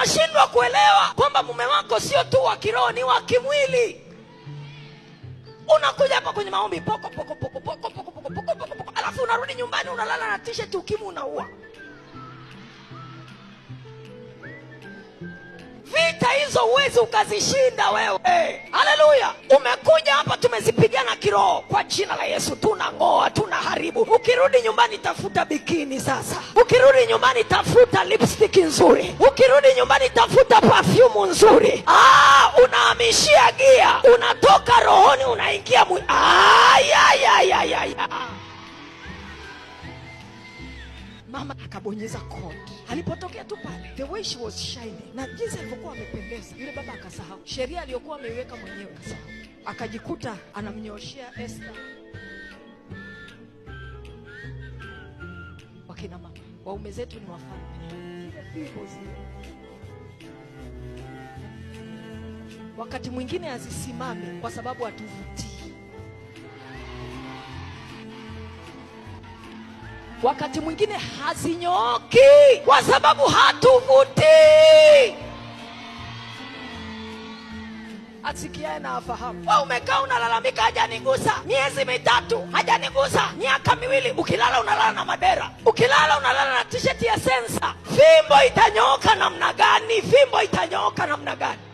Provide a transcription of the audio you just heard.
unashindwa kuelewa kwamba mume wako sio tu wa kiroho, ni wa kimwili. Unakuja hapa kwenye maombi poko poko poko poko poko poko poko poko poko, alafu unarudi nyumbani unalala na t-shirt unaua. Vita hizo uwezi ukazishinda wewe. Hey, haleluya! Umekuja hapa tumezipigana kiroho kwa jina la Yesu, tuna ng'o karibu. Ukirudi nyumbani, tafuta bikini sasa. Ukirudi nyumbani, tafuta lipstick nzuri. Ukirudi nyumbani, tafuta perfume nzuri. Ah, unahamishia gia, unatoka rohoni, unaingia mwi. Ah, ya, ya, ya, ya, ya. Mama akabonyeza kodi. Alipotokea tu pale, the way she was shining, na jinsi alivyokuwa amependeza, yule baba akasahau sheria aliyokuwa ameiweka mwenyewe, akajikuta anamnyoshea Esther na mama, waume zetu ni wafalme. Wakati mwingine hazisimame kwa sababu hatuvutii. Wakati mwingine hazinyooki kwa sababu hatu asikiaye na afahamu. Wewe umekaa unalalamika, hajanigusa miezi mitatu, hajanigusa miaka miwili. Ukilala unalala na madera, ukilala unalala na tisheti ya sensa. Fimbo itanyoka namna gani? Fimbo itanyoka namna gani?